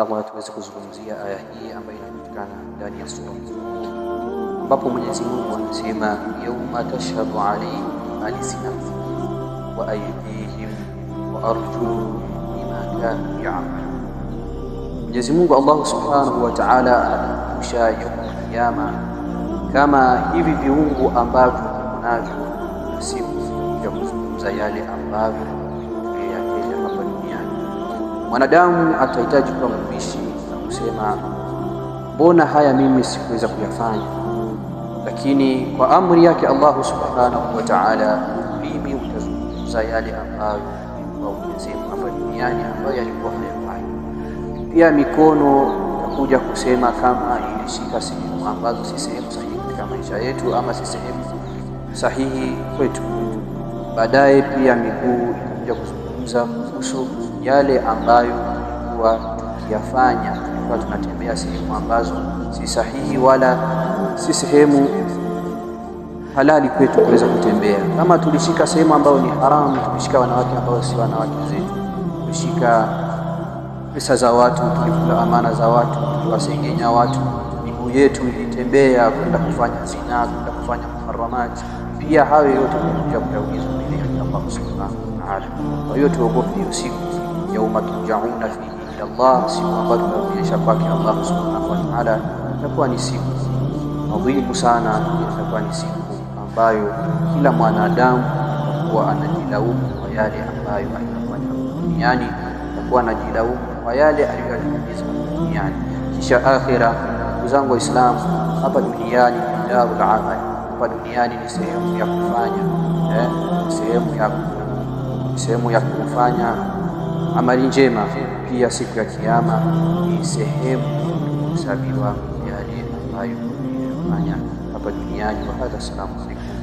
Allah tuweze kuzungumzia aya hii ambayo inapatikana ndani ya sura ambapo Mwenyezi Mungu anasema yauma tashhadu alaihim alsinatuhum wa aydihim wa arjuluhum bima kanu yamalun. Mwenyezi Mungu Allah subhanahu wa ta'ala anatukumbusha yaumul kiyama kama hivi viungu ambavyo navyo, si ya kuzungumza yale ambavyo mwanadamu atahitaji kuwa mbishi na kusema mbona haya mimi sikuweza kuyafanya, lakini kwa amri yake Allahu subhanahu wa ta'ala, mimi utazungumza yale ambayo sehemu hapa duniani ambayo yalikuwa hayafai. Pia mikono itakuja kusema kama ilishika sehemu ambazo si sehemu sahihi katika maisha yetu, ama si sehemu sahihi kwetu. Baadaye pia miguu itakuja kuzungumza kuhusu yale ambayo tulikuwa tukiyafanya, tulikuwa tunatembea sehemu ambazo si sahihi wala si sehemu halali kwetu kuweza kutembea. Kama tulishika sehemu ambayo ni haramu, tulishika wanawake ambao si wanawake zetu, tulishika pesa za watu, tulikula amana za watu, tuliwasengenya watu, miguu yetu ilitembea kwenda kufanya zinaa, kwenda kufanya muharamati. Pia hayo yote kuja kuyaulizwa mbele ya Allah subhanahu wa ta'ala. Kwa hiyo tuogope hiyo siku yauma turjauna fihi ila Allah, siku ambayo tunakujesha kwake Allah subhanahu wa ta'ala. Itakuwa ni siku adhimu sana, itakuwa ni siku ambayo kila mwanadamu atakuwa anajilaumu kwa yale ambayo aliyofanya duniani, atakuwa anajilaumu kwa yale aliyoyatimiza duniani. Kisha akhira, ndugu zangu Waislamu, hapa duniani ni darul amal, hapa duniani ni sehemu ya kufanya eh, sehemu ya sehemu ya kufanya Amali njema pia siku e Kiyama ni sehemu kuhesabiwa yale ambayo uliyofanya hapa duniani. Wahadha,